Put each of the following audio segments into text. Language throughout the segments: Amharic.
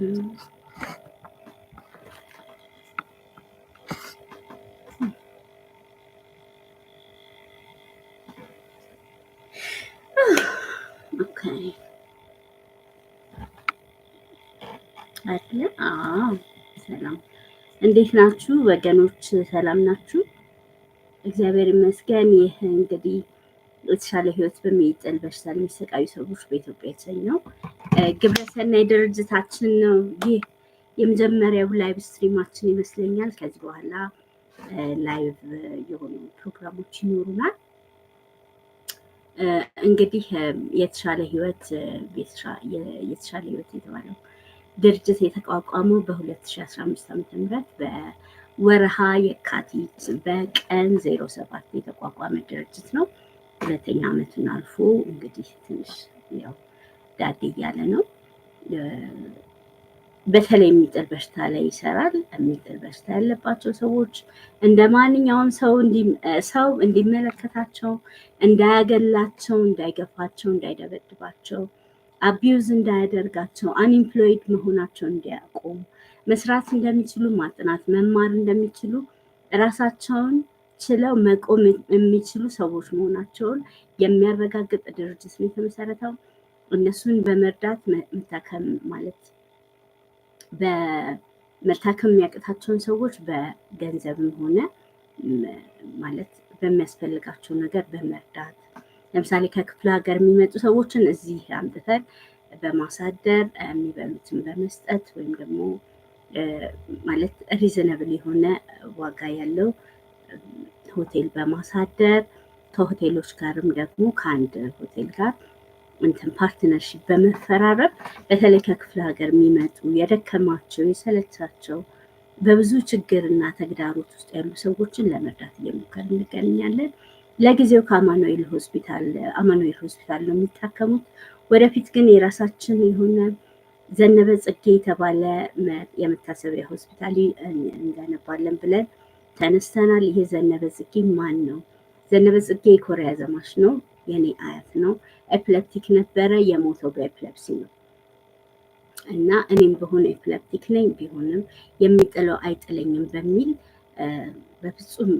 ሰላም እንዴት ናችሁ ወገኖች? ሰላም ናችሁ? እግዚአብሔር ይመስገን። ይህ እንግዲህ የተሻለ ህይወት በሚጥል በሽታ ለሚሰቃዩ ሰዎች በኢትዮጵያ የተሰኘው ግብረሰናይ ድርጅታችን ነው። ይህ የመጀመሪያው ላይቭ ስትሪማችን ይመስለኛል። ከዚህ በኋላ ላይቭ የሆኑ ፕሮግራሞች ይኖሩናል። እንግዲህ የተሻለ ህይወት የተሻለ ህይወት የተባለው ድርጅት የተቋቋመው በ2015 ዓ.ም በወርሃ የካቲት በቀን 07 የተቋቋመ ድርጅት ነው። ሁለተኛ ዓመቱን አልፎ እንግዲህ ትንሽ ያው ዳዴ እያለ ነው። በተለይ የሚጥል በሽታ ላይ ይሰራል። የሚጥል በሽታ ያለባቸው ሰዎች እንደ ማንኛውም ሰው ሰው እንዲመለከታቸው፣ እንዳያገላቸው፣ እንዳይገፋቸው፣ እንዳይደበድባቸው፣ አቢዩዝ እንዳያደርጋቸው፣ አንኢምፕሎይድ መሆናቸው እንዲያውቁ፣ መስራት እንደሚችሉ ማጥናት፣ መማር እንደሚችሉ ራሳቸውን ችለው መቆም የሚችሉ ሰዎች መሆናቸውን የሚያረጋግጥ ድርጅት ነው የተመሰረተው። እነሱን በመርዳት መታከም ማለት በመታከም የሚያቅታቸውን ሰዎች በገንዘብም ሆነ ማለት በሚያስፈልጋቸው ነገር በመርዳት ለምሳሌ ከክፍለ ሀገር የሚመጡ ሰዎችን እዚህ አምጥተን በማሳደር የሚበሉትን በመስጠት ወይም ደግሞ ማለት ሪዝነብል የሆነ ዋጋ ያለው ሆቴል በማሳደር ከሆቴሎች ጋርም ደግሞ ከአንድ ሆቴል ጋር እንትን ፓርትነርሺፕ በመፈራረብ በተለይ ከክፍለ ሀገር የሚመጡ የደከማቸው የሰለቻቸው በብዙ ችግርና ተግዳሮት ውስጥ ያሉ ሰዎችን ለመርዳት እየሞከር እንገኛለን። ለጊዜው ከአማኑኤል ሆስፒታል አማኑኤል ሆስፒታል ነው የሚታከሙት። ወደፊት ግን የራሳችን የሆነ ዘነበ ጽጌ የተባለ የመታሰቢያ ሆስፒታል እንገነባለን ብለን ተነስተናል። ይሄ ዘነበ ጽጌ ማን ነው? ዘነበ ጽጌ የኮሪያ ዘማች ነው። የኔ አያት ነው። ኤፕለፕቲክ ነበረ፣ የሞተው በኤፕለፕሲ ነው። እና እኔም በሆነ ኤፕለፕቲክ ነኝ ቢሆንም የሚጥለው አይጥለኝም በሚል በፍጹም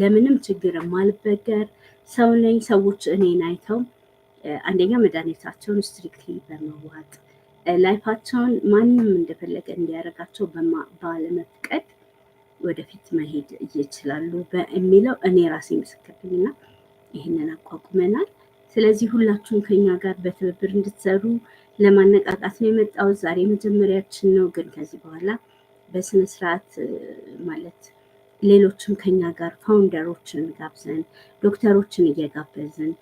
ለምንም ችግር የማልበገር ሰው ነኝ። ሰዎች እኔን አይተው አንደኛ መድኃኒታቸውን ስትሪክትሊ በመዋጥ ላይፋቸውን ማንም እንደፈለገ እንዲያደርጋቸው ባለመፍቀድ ወደፊት መሄድ ይችላሉ የሚለው እኔ ራሴ ምስክር ነኝ ይህንን አቋቁመናል። ስለዚህ ሁላችሁም ከኛ ጋር በትብብር እንድትሰሩ ለማነቃቃት ነው የመጣው። ዛሬ መጀመሪያችን ነው፣ ግን ከዚህ በኋላ በስነ ስርዓት ማለት ሌሎችም ከኛ ጋር ፋውንደሮችን ጋብዘን ዶክተሮችን እየጋበዝን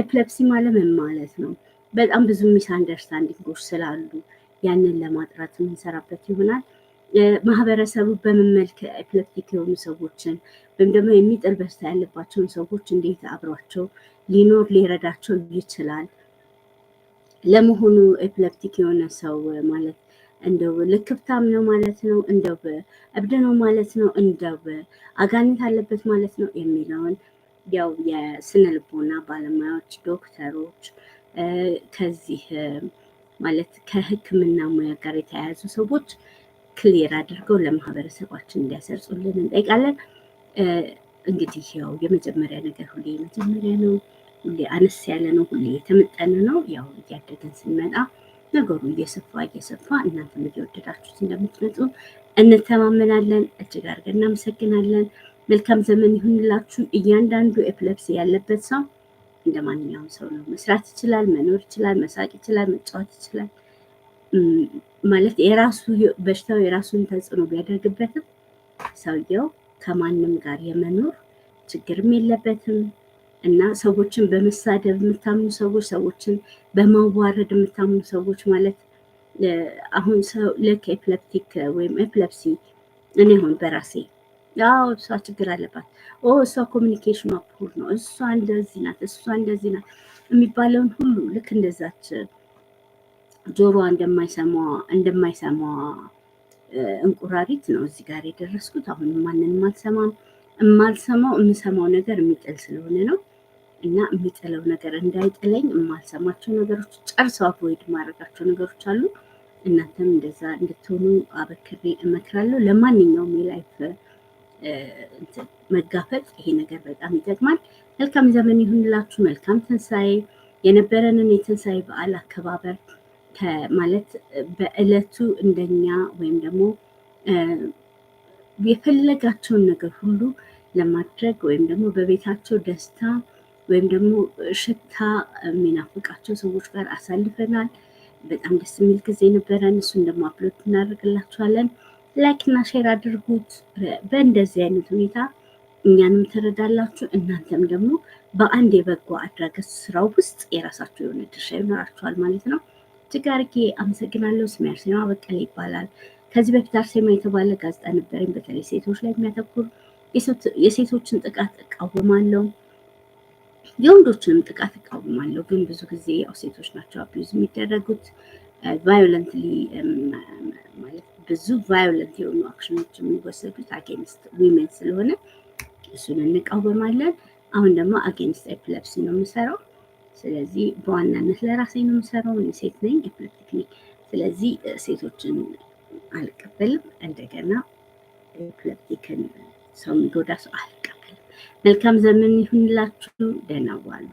ኤፕለፕሲ ማለም ማለት ነው በጣም ብዙ ሚስ አንደርስታንዲንጎች ስላሉ ያንን ለማጥራት የምንሰራበት ይሆናል። ማህበረሰቡ በመመልከት ኤፕለፕቲክ የሆኑ ሰዎችን ወይም ደግሞ የሚጥል በሽታ ያለባቸውን ሰዎች እንዴት አብሯቸው ሊኖር ሊረዳቸው ይችላል። ለመሆኑ ኤፕለፕቲክ የሆነ ሰው ማለት እንደው ልክፍታም ነው ማለት ነው፣ እንደው እብድ ነው ማለት ነው፣ እንደው አጋንንት አለበት ማለት ነው የሚለውን ያው የስነ ልቦና ባለሙያዎች፣ ዶክተሮች ከዚህ ማለት ከህክምና ሙያ ጋር የተያያዙ ሰዎች ክሊር አድርገው ለማህበረሰባችን እንዲያሰርጹልን እንጠይቃለን። እንግዲህ ያው የመጀመሪያ ነገር ሁሌ የመጀመሪያ ነው፣ ሁሌ አነስ ያለ ነው፣ ሁሌ የተመጠነ ነው። ያው እያደገን ስንመጣ ነገሩ እየሰፋ እየሰፋ እናንተም እየወደዳችሁት እንደምትመጡ እንተማመናለን። እጅግ አድርገን እናመሰግናለን። መልካም ዘመን ይሁንላችሁ። እያንዳንዱ ኤፕለፕሲ ያለበት ሰው እንደ ማንኛውም ሰው ነው። መስራት ይችላል፣ መኖር ይችላል፣ መሳቅ ይችላል፣ መጫወት ይችላል። ማለት የራሱ በሽታው የራሱን ተጽዕኖ ቢያደርግበትም ሰውየው ከማንም ጋር የመኖር ችግርም የለበትም እና ሰዎችን በመሳደብ የምታምኑ ሰዎች፣ ሰዎችን በማዋረድ የምታምኑ ሰዎች ማለት አሁን ሰው ልክ ኤፕለፕቲክ ወይም ኤፕለፕሲ እኔ አሁን በራሴ ያው እሷ ችግር አለባት፣ ኦ እሷ ኮሚኒኬሽኗ ፑር ነው፣ እሷ እንደዚህ ናት፣ እሷ እንደዚህ ናት የሚባለውን ሁሉ ልክ እንደዛች ጆሮ እንደማይሰማ እንቁራሪት ነው እዚህ ጋር የደረስኩት። አሁን ማንንም አልሰማም። የማልሰማው የምሰማው ነገር የሚጥል ስለሆነ ነው እና የሚጥለው ነገር እንዳይጥለኝ የማልሰማቸው ነገሮች ጨርሰው አቮይድ ማድረጋቸው ነገሮች አሉ። እናንተም እንደዛ እንድትሆኑ አበክሬ እመክራለሁ። ለማንኛውም የላይፍ መጋፈጥ ይሄ ነገር በጣም ይጠቅማል። መልካም ዘመን ይሁንላችሁ። መልካም ትንሣኤ። የነበረንን የትንሣኤ በዓል አከባበር ማለት በእለቱ እንደኛ ወይም ደግሞ የፈለጋቸውን ነገር ሁሉ ለማድረግ ወይም ደግሞ በቤታቸው ደስታ ወይም ደግሞ ሽታ የሚናፍቃቸው ሰዎች ጋር አሳልፈናል። በጣም ደስ የሚል ጊዜ ነበረን። እሱን ደግሞ አፕሎድ እናደርግላችኋለን። ላይክ እና ሼር አድርጉት። በእንደዚህ አይነት ሁኔታ እኛንም ትረዳላችሁ፣ እናንተም ደግሞ በአንድ የበጎ አድራጎት ስራው ውስጥ የራሳችሁ የሆነ ድርሻ ይኖራችኋል ማለት ነው። እጅግ አርጌ አመሰግናለሁ። ስሜ አርሴማ በቀለ ይባላል። ከዚህ በፊት አርሴማ የተባለ ጋዜጣ ነበረኝ። በተለይ ሴቶች ላይ የሚያተኩር የሴቶችን ጥቃት እቃወማለሁ፣ የወንዶችንም ጥቃት እቃወማለሁ። ግን ብዙ ጊዜ ያው ሴቶች ናቸው አቢዩዝ የሚደረጉት ቫዮለንትሊ ማለት ብዙ ቫዮለንት የሆኑ አክሽኖች የሚወሰዱት አጌንስት ዊሜን ስለሆነ እሱን እንቃወማለን። አሁን ደግሞ አጌንስት ኤፕለፕሲ ነው የምሰራው። ስለዚህ በዋናነት ለራሴ ነው የምሰራው። እኔ ሴት ነኝ፣ ኤፕለፕቲክ ነኝ። ስለዚህ ሴቶችን አልቀበልም። እንደገና ኤፕለፕቲክን ሰው የሚጎዳ ሰው አልቀበልም። መልካም ዘመን ይሁንላችሁ። ደህና ዋሉ።